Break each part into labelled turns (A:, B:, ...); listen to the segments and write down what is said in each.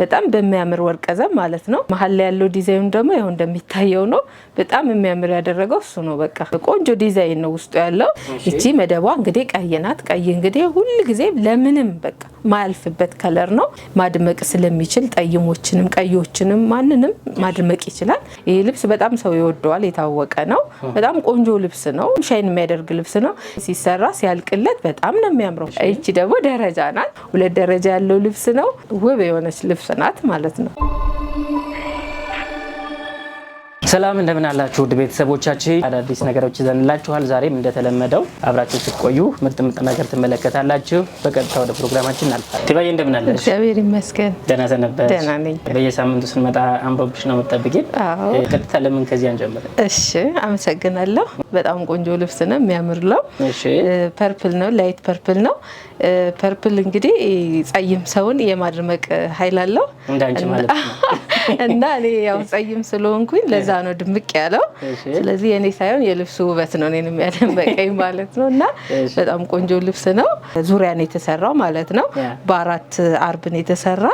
A: በጣም በሚያምር ወርቀ ዘብ ማለት ነው። መሀል ላይ ያለው ዲዛይኑ ደግሞ ይኸው እንደሚታየው ነው። በጣም የሚያምር ያደረገው እሱ ነው። በቃ ቆንጆ ዲዛይን ነው ውስጡ ያለው። ይቺ መደቧ እንግዲህ ቀይ ናት። ቀይ እንግዲህ ሁል ጊዜ ለምንም በቃ ማያልፍበት ከለር ነው። ማድመቅ ስለሚችል ጠይሞችንም፣ ቀዮችንም ማንንም ማድመቅ ይችላል። ይህ ልብስ በጣም ሰው ይወደዋል፣ የታወቀ ነው። በጣም ቆንጆ ልብስ ነው። ሻይን የሚያደርግ ልብስ ነው። ሲሰራ ሲያልቅለት በጣም ነው የሚያምረው። ይቺ ደግሞ ደረጃ ናት። ሁለት ደረጃ ያለው ልብስ ነው። ውብ የሆነች ልብስ ናት ማለት ነው።
B: ሰላም እንደምን አላችሁ ውድ ቤተሰቦቻችን፣ አዳዲስ ነገሮች ይዘንላችኋል። ዛሬም እንደተለመደው አብራችሁ ስትቆዩ ምርጥ ምርጥ ነገር ትመለከታላችሁ። በቀጥታ ወደ ፕሮግራማችን እናልፋለን። ቲባዬ እንደምን አለሽ?
C: እግዚአብሔር ይመስገን ደህና ሰነበት። ደህና ነኝ።
B: በየሳምንቱ ስንመጣ አንባብሽ ነው የምጠብቂን። ቀጥታ ለምን ከዚህ አንጀምር?
C: እሺ፣ አመሰግናለሁ። በጣም ቆንጆ ልብስ ነው የሚያምር ነው። ፐርፕል ነው፣ ላይት ፐርፕል ነው። ፐርፕል እንግዲህ ጸይም ሰውን የማድመቅ ኃይል አለው
B: እንዳንቺ ማለት ነው
C: እና እኔ ያው ጸይም ስለሆንኩኝ ለዛ ነው ድምቅ ያለው። ስለዚህ የእኔ ሳይሆን የልብሱ ውበት ነው እኔንም የሚያደመቀኝ ማለት ነው። እና በጣም ቆንጆ ልብስ ነው። ዙሪያ ነው የተሰራው ማለት ነው። በአራት አርብ ነው የተሰራ።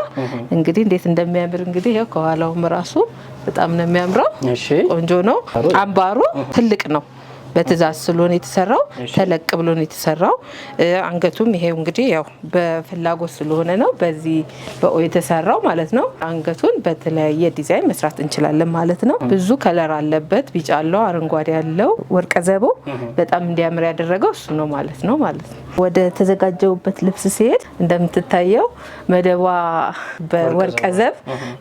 C: እንግዲህ እንዴት እንደሚያምር እንግዲህ ያው ከኋላውም ራሱ በጣም ነው የሚያምረው። ቆንጆ ነው። አምባሩ ትልቅ ነው በትእዛዝ ስለሆነ የተሰራው ተለቅ ብሎ ነው የተሰራው። አንገቱም ይሄው እንግዲህ ያው በፍላጎት ስለሆነ ነው በዚህ በኦ የተሰራው ማለት ነው። አንገቱን በተለያየ ዲዛይን መስራት እንችላለን ማለት ነው። ብዙ ከለር አለበት። ቢጫ አለው፣ አረንጓዴ ያለው፣ ወርቀ ዘቦ በጣም እንዲያምር ያደረገው እሱ ነው ማለት ነው ማለት ነው። ወደ ተዘጋጀውበት ልብስ ሲሄድ እንደምትታየው መደቧ በወርቀ ዘብ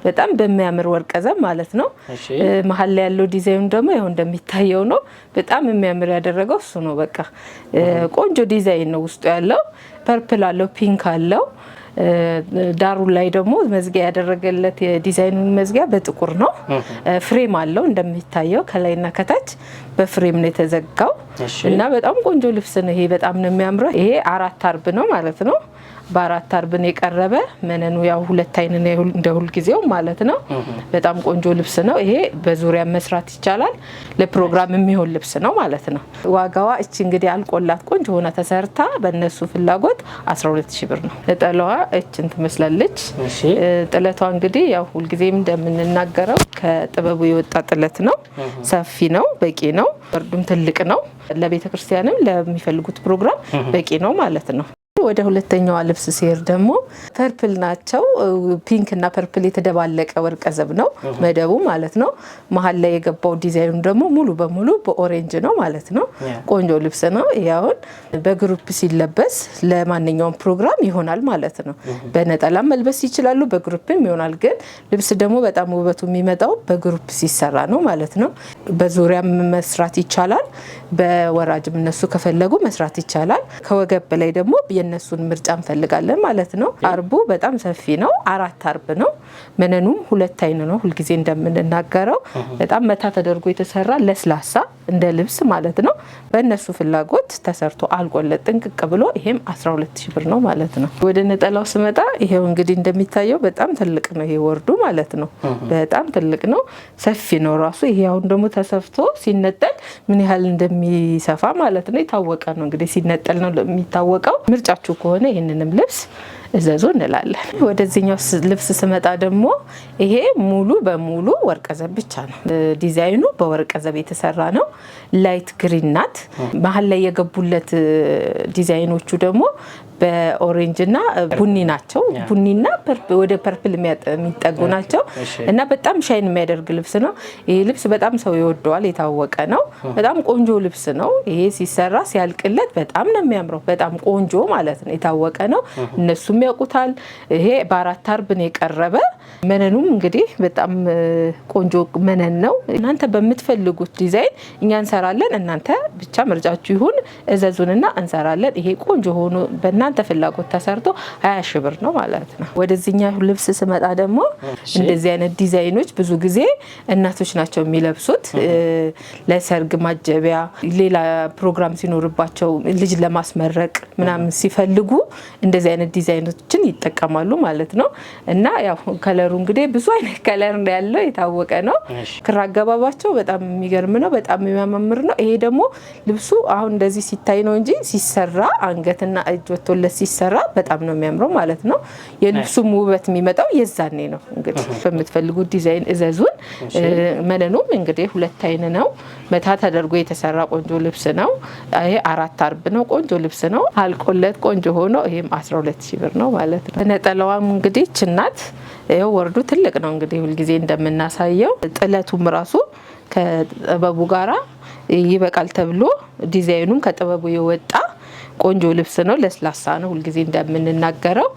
C: በጣም በሚያምር ወርቀ ዘብ ማለት ነው። መሀል ላይ ያለው ዲዛይኑ ደግሞ ያው እንደሚታየው ነው በጣም የሚያምር ያደረገው እሱ ነው። በቃ ቆንጆ ዲዛይን ነው ውስጡ ያለው። ፐርፕል አለው፣ ፒንክ አለው። ዳሩ ላይ ደግሞ መዝጊያ ያደረገለት የዲዛይኑ መዝጊያ በጥቁር ነው። ፍሬም አለው እንደሚታየው ከላይና ከታች በፍሬም ነው የተዘጋው እና በጣም ቆንጆ ልብስ ነው ይሄ። በጣም ነው የሚያምረው። ይሄ አራት አርብ ነው ማለት ነው። በአራት አርብን የቀረበ መነኑ ያው ሁለት አይን እንደ ሁልጊዜው ማለት ነው። በጣም ቆንጆ ልብስ ነው ይሄ። በዙሪያ መስራት ይቻላል። ለፕሮግራም የሚሆን ልብስ ነው ማለት ነው። ዋጋዋ እቺ እንግዲህ አልቆላት ቆንጆ ሆና ተሰርታ በእነሱ ፍላጎት 12 ሺ ብር ነው። ነጠላዋ እችን ትመስላለች። ጥለቷ እንግዲህ ያው ሁልጊዜም እንደምንናገረው ከጥበቡ የወጣ ጥለት ነው። ሰፊ ነው፣ በቂ ነው። ወርዱም ትልቅ ነው። ለቤተክርስቲያንም ለሚፈልጉት ፕሮግራም በቂ ነው ማለት ነው። ወደ ሁለተኛዋ ልብስ ሲሄድ ደግሞ ፐርፕል ናቸው። ፒንክ እና ፐርፕል የተደባለቀ ወርቀ ዘብ ነው መደቡ ማለት ነው። መሀል ላይ የገባው ዲዛይኑ ደግሞ ሙሉ በሙሉ በኦሬንጅ ነው ማለት ነው። ቆንጆ ልብስ ነው። ያሁን በግሩፕ ሲለበስ ለማንኛውም ፕሮግራም ይሆናል ማለት ነው። በነጠላም መልበስ ይችላሉ፣ በግሩፕም ይሆናል። ግን ልብስ ደግሞ በጣም ውበቱ የሚመጣው በግሩፕ ሲሰራ ነው ማለት ነው። በዙሪያም መስራት ይቻላል። በወራጅም እነሱ ከፈለጉ መስራት ይቻላል። ከወገብ በላይ ደግሞ የእነሱን ምርጫ እንፈልጋለን ማለት ነው። አርቡ በጣም ሰፊ ነው። አራት አርብ ነው። መነኑም ሁለት አይን ነው። ሁልጊዜ እንደምንናገረው በጣም መታ ተደርጎ የተሰራ ለስላሳ እንደ ልብስ ማለት ነው። በእነሱ ፍላጎት ተሰርቶ አልቆለት ጥንቅቅ ብሎ ይሄም 12 ብር ነው ማለት ነው። ወደ ነጠላው ስመጣ ይሄው እንግዲህ እንደሚታየው በጣም ትልቅ ነው። ይሄ ወርዱ ማለት ነው። በጣም ትልቅ ነው። ሰፊ ነው ራሱ ይሄ አሁን ደግሞ ተሰፍቶ ሲነጠል ምን ያህል እንደሚሰፋ ማለት ነው የታወቀ ነው። እንግዲህ ሲነጠል ነው የሚታወቀው። ምርጫችሁ ከሆነ ይህንንም ልብስ እዘዙ እንላለን። ወደዚህኛው ልብስ ስመጣ ደግሞ ይሄ ሙሉ በሙሉ ወርቀዘብ ብቻ ነው። ዲዛይኑ በወርቀዘብ የተሰራ ነው። ላይት ግሪን ናት። መሀል ላይ የገቡለት ዲዛይኖቹ ደግሞ በኦሬንጅ እና ቡኒ ናቸው። ቡኒና ወደ ፐርፕል የሚጠጉ ናቸው እና በጣም ሻይን የሚያደርግ ልብስ ነው። ይህ ልብስ በጣም ሰው ይወደዋል፣ የታወቀ ነው። በጣም ቆንጆ ልብስ ነው። ይሄ ሲሰራ ሲያልቅለት በጣም ነው የሚያምረው። በጣም ቆንጆ ማለት ነው፣ የታወቀ ነው። እነሱም ያውቁታል። ይሄ በአራት አርብ ነው የቀረበ መነኑም እንግዲህ በጣም ቆንጆ መነን ነው። እናንተ በምትፈልጉት ዲዛይን እኛ እንሰራለን። እናንተ ብቻ ምርጫችሁ ይሁን፣ እዘዙንና እንሰራለን። ይሄ ቆንጆ ሆኖ በእናንተ ፍላጎት ተሰርቶ ሀያ ሺ ብር ነው ማለት ነው። ወደዚህኛ ልብስ ስመጣ ደግሞ እንደዚህ አይነት ዲዛይኖች ብዙ ጊዜ እናቶች ናቸው የሚለብሱት ለሰርግ ማጀቢያ፣ ሌላ ፕሮግራም ሲኖርባቸው ልጅ ለማስመረቅ ምናምን ሲፈልጉ እንደዚህ አይነት ዲዛይኖችን ይጠቀማሉ ማለት ነው እና ያው ከለሩ እንግዲህ ብዙ አይነት ከለር ያለው የታወቀ ነው። ክር አገባባቸው በጣም የሚገርም ነው። በጣም የሚያማምር ነው። ይሄ ደግሞ ልብሱ አሁን እንደዚህ ሲታይ ነው እንጂ ሲሰራ አንገትና እጅ ወጥቶለት ሲሰራ በጣም ነው የሚያምረው ማለት ነው። የልብሱም ውበት የሚመጣው የዛኔ ነው። እንግዲህ በምትፈልጉ ዲዛይን እዘዙን። መነኑም እንግዲህ ሁለት አይን ነው። መታ ተደርጎ የተሰራ ቆንጆ ልብስ ነው። ይሄ አራት አርብ ነው። ቆንጆ ልብስ ነው። አልቆለት ቆንጆ ሆኖ ይሄም 12 ሺ ብር ነው ማለት ነው። ነጠላዋም እንግዲህ ችናት ይኸው ወርዱ ትልቅ ነው እንግዲህ ሁልጊዜ እንደምናሳየው ጥለቱም ራሱ ከጥበቡ ጋራ ይበቃል ተብሎ ዲዛይኑም ከጥበቡ የወጣ ቆንጆ ልብስ ነው። ለስላሳ ነው ሁልጊዜ እንደምንናገረው።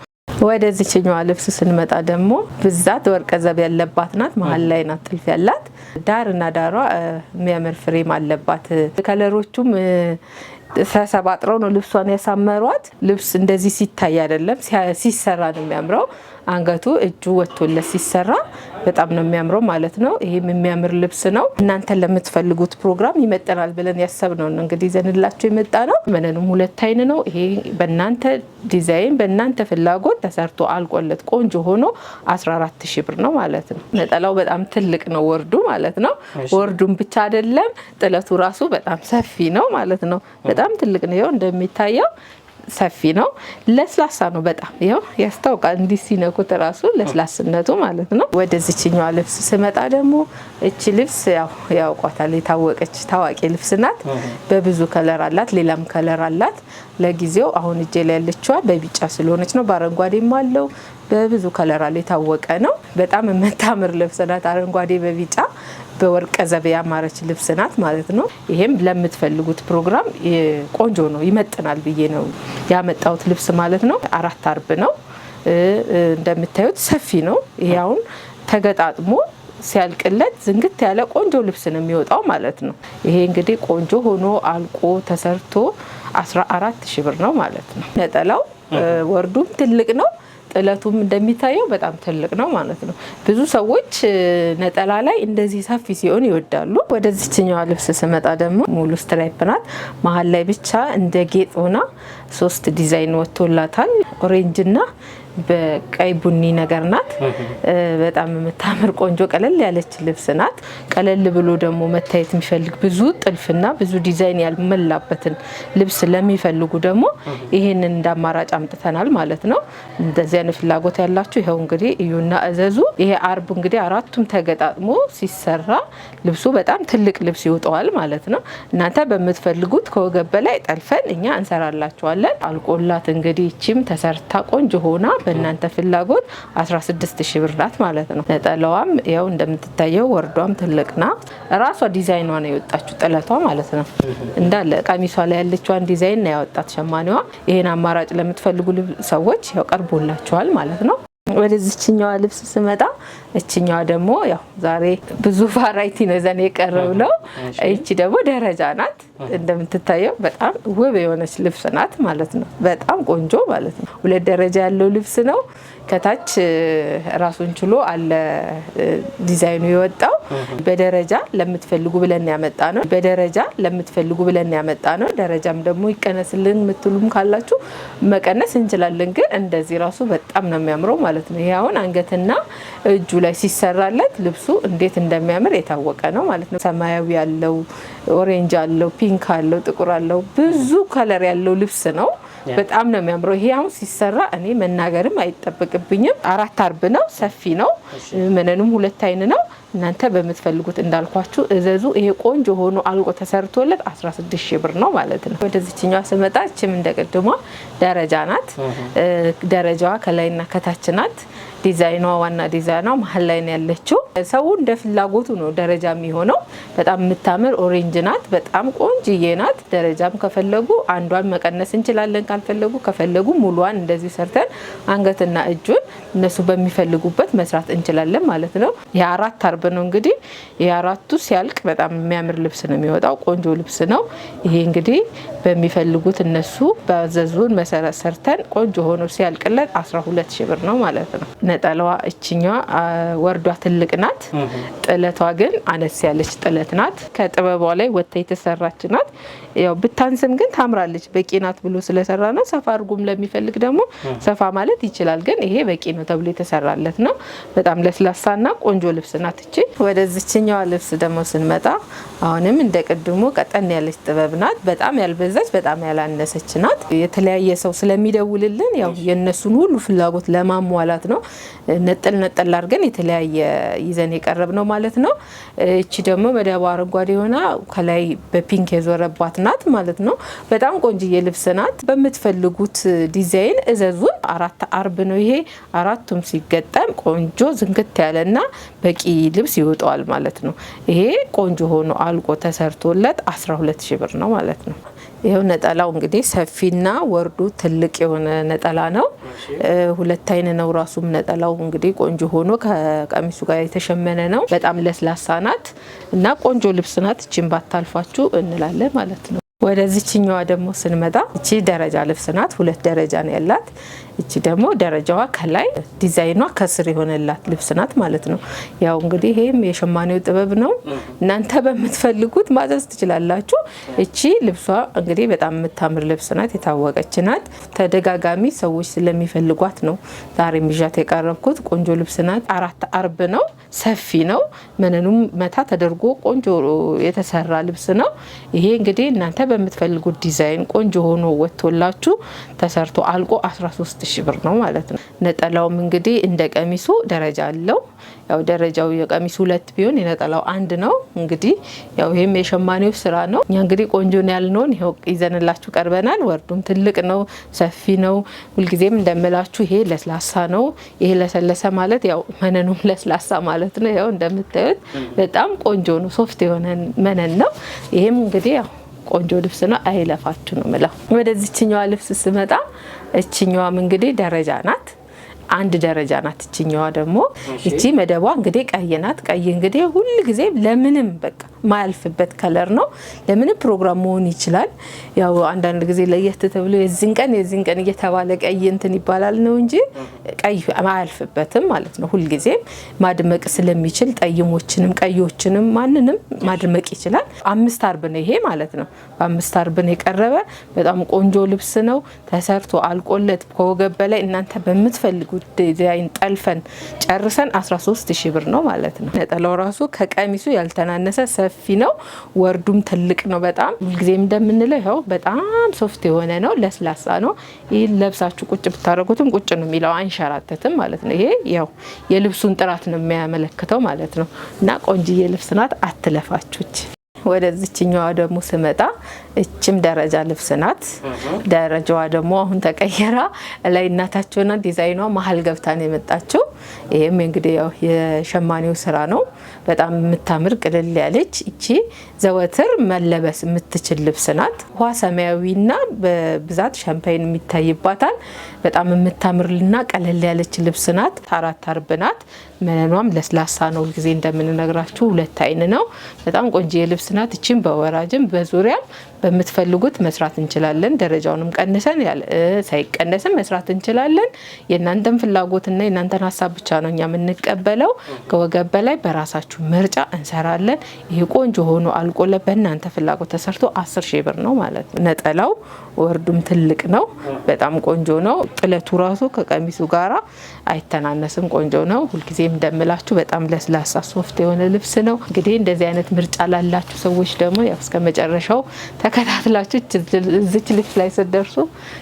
C: ወደዚችኛዋ ልብስ ስንመጣ ደግሞ ብዛት ወርቀ ዘብ ያለባት ናት። መሀል ላይ ናት ጥልፍ ያላት እና ዳሯ የሚያምር ፍሬም አለባት። ከለሮቹም ተሰባጥረው ነው ልብሷን ያሳመሯት። ልብስ እንደዚህ ሲታይ አይደለም ሲሰራ ነው የሚያምረው። አንገቱ እጁ ወጥቶለት ሲሰራ በጣም ነው የሚያምረው ማለት ነው። ይሄም የሚያምር ልብስ ነው። እናንተን ለምትፈልጉት ፕሮግራም ይመጠናል ብለን ያሰብነው ነው እንግዲህ ዘንላቸው የመጣ ነው። መነኑም ሁለት አይን ነው። ይሄ በእናንተ ዲዛይን በእናንተ ፍላጎት ተሰርቶ አልቆለት ቆንጆ ሆኖ 14 ሺ ብር ነው ማለት ነው። ነጠላው በጣም ትልቅ ነው ወርዱ ማለት ነው። ወርዱም ብቻ አይደለም ጥለቱ ራሱ በጣም ሰፊ ነው ማለት ነው። በጣም ትልቅ ነው እንደሚታየው ሰፊ ነው። ለስላሳ ነው በጣም ይኸው ያስታውቃል። እንዲህ ሲነኩት ራሱ ለስላስነቱ ማለት ነው። ወደዚችኛዋ ልብስ ስመጣ ደግሞ እቺ ልብስ ያውቋታል። የታወቀች ታዋቂ ልብስ ናት። በብዙ ከለር አላት፣ ሌላም ከለር አላት። ለጊዜው አሁን እጄ ላይ ያለችዋ በቢጫ ስለሆነች ነው። በአረንጓዴም አለው በብዙ ከለር አለ። የታወቀ ነው። በጣም የምታምር ልብስ ናት። አረንጓዴ በቢጫ በወርቀ ዘብ ያማረች ልብስ ናት ማለት ነው። ይሄም ለምትፈልጉት ፕሮግራም ቆንጆ ነው፣ ይመጥናል ብዬ ነው ያመጣሁት ልብስ ማለት ነው። አራት አርብ ነው እንደምታዩት ሰፊ ነው። ይሄ አሁን ተገጣጥሞ ሲያልቅለት ዝንግት ያለ ቆንጆ ልብስ ነው የሚወጣው ማለት ነው። ይሄ እንግዲህ ቆንጆ ሆኖ አልቆ ተሰርቶ አስራ አራት ሺ ብር ነው ማለት ነው። ነጠላው ወርዱም ትልቅ ነው። ጥለቱም እንደሚታየው በጣም ትልቅ ነው ማለት ነው። ብዙ ሰዎች ነጠላ ላይ እንደዚህ ሰፊ ሲሆን ይወዳሉ። ወደዚችኛዋ ልብስ ስመጣ ደግሞ ሙሉ ስትራይፕ ናት። መሀል ላይ ብቻ እንደ ጌጥ ሆና ሶስት ዲዛይን ወጥቶላታል ኦሬንጅ እና በቀይ ቡኒ ነገር ናት። በጣም የምታምር ቆንጆ ቀለል ያለች ልብስ ናት። ቀለል ብሎ ደግሞ መታየት የሚፈልግ ብዙ ጥልፍና ብዙ ዲዛይን ያልመላበትን ልብስ ለሚፈልጉ ደግሞ ይህንን እንደ አማራጭ አምጥተናል ማለት ነው። እንደዚህ አይነት ፍላጎት ያላችሁ ይኸው እንግዲህ እዩና እዘዙ። ይሄ አርብ እንግዲህ አራቱም ተገጣጥሞ ሲሰራ ልብሱ በጣም ትልቅ ልብስ ይውጠዋል ማለት ነው። እናንተ በምትፈልጉት ከወገብ በላይ ጠልፈን እኛ እንሰራላችኋለን። አልቆላት እንግዲህ ይቺም ተሰርታ ቆንጆ ሆና በእናንተ ፍላጎት 16 ሺ ብር ናት ማለት ነው። ነጠላዋም ያው እንደምትታየው ወርዷም ትልቅ ናት። ራሷ ዲዛይኗ ነው የወጣችው ጥለቷ ማለት ነው። እንዳለ ቀሚሷ ላይ ያለችዋን ዲዛይን ነው ያወጣት ሸማኔዋ። ይሄን አማራጭ ለምትፈልጉ ሰዎች ያው ቀርቦላችኋል ማለት ነው። ወደዚችኛዋ ልብስ ስመጣ እችኛዋ ደግሞ ያው ዛሬ ብዙ ቫራይቲ ነው ዘን የቀረብ ነው። እቺ ደግሞ ደረጃ ናት። እንደምትታየው በጣም ውብ የሆነች ልብስ ናት ማለት ነው። በጣም ቆንጆ ማለት ነው። ሁለት ደረጃ ያለው ልብስ ነው። ከታች ራሱን ችሎ አለ ዲዛይኑ የወጣው በደረጃ ለምትፈልጉ ብለን ያመጣ ነው። በደረጃ ለምትፈልጉ ብለን ያመጣ ነው። ደረጃም ደግሞ ይቀነስልን የምትሉም ካላችሁ መቀነስ እንችላለን። ግን እንደዚህ ራሱ በጣም ነው የሚያምረው ማለት ነው። ይሄ አሁን አንገትና እጁ ላይ ሲሰራለት ልብሱ እንዴት እንደሚያምር የታወቀ ነው ማለት ነው። ሰማያዊ አለው፣ ኦሬንጅ አለው፣ ፒንክ አለው፣ ጥቁር አለው፣ ብዙ ከለር ያለው ልብስ ነው። በጣም ነው የሚያምረው። ይሄ አሁን ሲሰራ እኔ መናገርም አይጠበቅብኝም። አራት አርብ ነው፣ ሰፊ ነው። መነኑም ሁለት አይን ነው። እናንተ በምትፈልጉት እንዳልኳችሁ እዘዙ። ይሄ ቆንጆ ሆኖ አልቆ ተሰርቶለት 16 ሺ ብር ነው ማለት ነው። ወደዚችኛዋ ስመጣ ችም እንደቅድሟ ደረጃ ናት። ደረጃዋ ከላይና ከታች ናት። ዲዛይኗ ዋና ዲዛይኗ መሀል ላይ ነው ያለችው። ሰው እንደ ፍላጎቱ ነው ደረጃ የሚሆነው። በጣም የምታምር ኦሬንጅ ናት። በጣም ቆንጅዬ ናት። ደረጃም ከፈለጉ አንዷን መቀነስ እንችላለን። ካልፈለጉ ከፈለጉ ሙሏን እንደዚህ ሰርተን አንገትና እጁን እነሱ በሚፈልጉበት መስራት እንችላለን ማለት ነው። የአራት እየሰራንበት ነው። እንግዲህ የአራቱ ሲያልቅ በጣም የሚያምር ልብስ ነው የሚወጣው። ቆንጆ ልብስ ነው ይሄ። እንግዲህ በሚፈልጉት እነሱ በዘዙን መሰረት ሰርተን ቆንጆ ሆኖ ሲያልቅለት 12 ሺ ብር ነው ማለት ነው። ነጠላዋ እችኛዋ ወርዷ ትልቅ ናት። ጥለቷ ግን አነስ ያለች ጥለት ናት። ከጥበቧ ላይ ወጥታ የተሰራች ናት። ያው ብታንስም ግን ታምራለች። በቂ ናት ብሎ ስለሰራ ነው። ሰፋ አድርጎም ለሚፈልግ ደግሞ ሰፋ ማለት ይችላል። ግን ይሄ በቂ ነው ተብሎ የተሰራለት ነው። በጣም ለስላሳና ቆንጆ ልብስ ናት። ውጪ ወደዚችኛዋ ልብስ ደግሞ ስንመጣ አሁንም እንደ ቅድሙ ቀጠን ያለች ጥበብ ናት። በጣም ያልበዛች በጣም ያላነሰች ናት። የተለያየ ሰው ስለሚደውልልን ያው የእነሱን ሁሉ ፍላጎት ለማሟላት ነው ነጠል ነጠል አድርገን የተለያየ ይዘን የቀረብ ነው ማለት ነው። እቺ ደግሞ መደቡ አረንጓዴ ሆና ከላይ በፒንክ የዞረባት ናት ማለት ነው። በጣም ቆንጅዬ ልብስ ናት። በምትፈልጉት ዲዛይን እዘዙን። አራት አርብ ነው ይሄ አራቱም ሲገጠም ቆንጆ ዝንግት ያለና በቂ ልብስ ይውጠዋል ማለት ነው። ይሄ ቆንጆ ሆኖ አልቆ ተሰርቶለት 12 ሺ ብር ነው ማለት ነው። ይኸው ነጠላው እንግዲህ ሰፊና ወርዱ ትልቅ የሆነ ነጠላ ነው። ሁለት አይን ነው ራሱም። ነጠላው እንግዲህ ቆንጆ ሆኖ ከቀሚሱ ጋር የተሸመነ ነው። በጣም ለስላሳ ናት እና ቆንጆ ልብስ ናት። እችን ባታልፋችሁ እንላለን ማለት ነው። ወደዚችኛዋ ደግሞ ስንመጣ እቺ ደረጃ ልብስ ናት። ሁለት ደረጃ ነው ያላት እቺ ደግሞ ደረጃዋ ከላይ ዲዛይኗ ከስር የሆነላት ልብስ ናት ማለት ነው። ያው እንግዲህ ይህም የሸማኔው ጥበብ ነው። እናንተ በምትፈልጉት ማዘዝ ትችላላችሁ። እቺ ልብሷ እንግዲህ በጣም የምታምር ልብስ ናት፣ የታወቀች ናት። ተደጋጋሚ ሰዎች ስለሚፈልጓት ነው ዛሬ ምዣት የቀረብኩት። ቆንጆ ልብስ ናት። አራት አርብ ነው፣ ሰፊ ነው። መነኑም መታ ተደርጎ ቆንጆ የተሰራ ልብስ ነው። ይሄ እንግዲህ እናንተ በምትፈልጉት ዲዛይን ቆንጆ ሆኖ ወጥቶላችሁ ተሰርቶ አልቆ 13 አምስት ሺህ ብር ነው ማለት ነው። ነጠላውም እንግዲህ እንደ ቀሚሱ ደረጃ አለው። ያው ደረጃው የቀሚሱ ሁለት ቢሆን የነጠላው አንድ ነው። እንግዲህ ያው ይህም የሸማኔው ስራ ነው። እኛ እንግዲህ ቆንጆን ያልነውን ይኸው ይዘንላችሁ ቀርበናል። ወርዱም ትልቅ ነው፣ ሰፊ ነው። ሁልጊዜም እንደምላችሁ ይሄ ለስላሳ ነው። ይሄ ለሰለሰ ማለት ያው መነኑም ለስላሳ ማለት ነው። ያው እንደምታዩት በጣም ቆንጆ ነው። ሶፍት የሆነ መነን ነው። ይሄም እንግዲህ ያው ቆንጆ ልብስ ነው። አይለፋችሁ ነው ምለው። ወደዚችኛዋ ልብስ ስመጣ እችኛዋም እንግዲህ ደረጃ ናት። አንድ ደረጃ ናት። እችኛዋ ደግሞ እቺ መደቧ እንግዲህ ቀይ ናት። ቀይ እንግዲህ ሁል ጊዜ ለምንም በቃ ማያልፍበት ከለር ነው። ለምንም ፕሮግራም መሆን ይችላል። ያው አንዳንድ ጊዜ ለየት ተብሎ የዚህን ቀን የዚህን ቀን እየተባለ ቀይ እንትን ይባላል ነው እንጂ ቀይ አያልፍበትም ማለት ነው። ሁልጊዜም ማድመቅ ስለሚችል ጠይሞችንም ቀዮችንም ማንንም ማድመቅ ይችላል። አምስት አርብ ነው ይሄ ማለት ነው። በአምስት አርብ ነው የቀረበ በጣም ቆንጆ ልብስ ነው ተሰርቶ አልቆለት ከወገብ በላይ እናንተ በምትፈልጉት ዲዛይን ጠልፈን ጨርሰን 13 ሺ ብር ነው ማለት ነው። ነጠላው ራሱ ከቀሚሱ ያልተናነሰ ሰፊ ሰፊ ነው። ወርዱም ትልቅ ነው በጣም ጊዜ እንደምንለው ይኸው በጣም ሶፍት የሆነ ነው፣ ለስላሳ ነው። ይህ ለብሳችሁ ቁጭ ብታደረጉትም ቁጭ ነው የሚለው አይንሸራተትም ማለት ነው። ይሄ ያው የልብሱን ጥራት ነው የሚያመለክተው ማለት ነው። እና ቆንጅዬ ልብስ ናት፣ አትለፋችሁች ወደዚችኛዋ ደግሞ ስመጣ እችም ደረጃ ልብስ ናት። ደረጃዋ ደግሞ አሁን ተቀየራ ላይ እናታቸውና ዲዛይኗ መሀል ገብታ ነው የመጣችው። ይህም እንግዲህ ያው የሸማኔው ስራ ነው። በጣም የምታምር ቅልል ያለች እቺ ዘወትር መለበስ የምትችል ልብስ ናት። ውሃ ሰማያዊና በብዛት ሻምፓይን የሚታይባታል። በጣም የምታምርልና ቀለል ያለች ልብስ ናት። አራት አርብ ናት። መነኗም ለስላሳ ነው። ጊዜ እንደምንነግራችሁ ሁለት አይን ነው። በጣም ቆንጆ የልብስ ናት። እችን በወራጅም በዙሪያም በምትፈልጉት መስራት እንችላለን። ደረጃውንም ቀንሰን ሳይቀነስም መስራት እንችላለን። የእናንተን ፍላጎትና የእናንተን ሀሳብ ብቻ ነው እኛ የምንቀበለው። ከወገብ በላይ በራሳችሁ ምርጫ እንሰራለን። ይህ ቆንጆ ሆኖ አልቆለ በእናንተ ፍላጎት ተሰርቶ አስር ሺህ ብር ነው ማለት ነው። ነጠላው ወርዱም ትልቅ ነው። በጣም ቆንጆ ነው። ጥለቱ ራሱ ከቀሚሱ ጋራ አይተናነስም። ቆንጆ ነው። ሁልጊዜም እንደምላችሁ በጣም ለስላሳ ሶፍት የሆነ ልብስ ነው። እንግዲህ እንደዚህ አይነት ምርጫ ላላችሁ ሰዎች ደግሞ ያው እስከ መጨረሻው ተከታትላችሁ እዚች ልብስ ላይ ስትደርሱ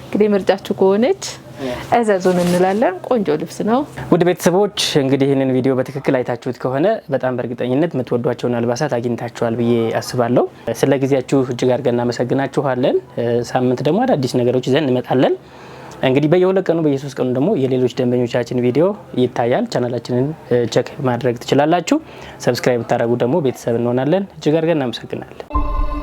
C: እንግዲህ ምርጫችሁ ከሆነች እዘዙን እንላለን። ቆንጆ ልብስ ነው።
B: ውድ ቤተሰቦች እንግዲህ ይህንን ቪዲዮ በትክክል አይታችሁት ከሆነ በጣም በእርግጠኝነት የምትወዷቸውን አልባሳት አግኝታችኋል ብዬ አስባለሁ። ስለ ጊዜያችሁ እጅግ አድርገን እናመሰግናችኋለን። ሳምንት ደግሞ አዳዲስ ነገሮች ይዘን እንመጣለን። እንግዲህ በየሁለት ቀኑ በየሶስት ቀኑ ደግሞ የሌሎች ደንበኞቻችን ቪዲዮ ይታያል። ቻናላችንን ቸክ ማድረግ ትችላላችሁ። ሰብስክራይብ ብታደረጉ ደግሞ ቤተሰብ እንሆናለን። እጅግ አድርገን እናመሰግናለን።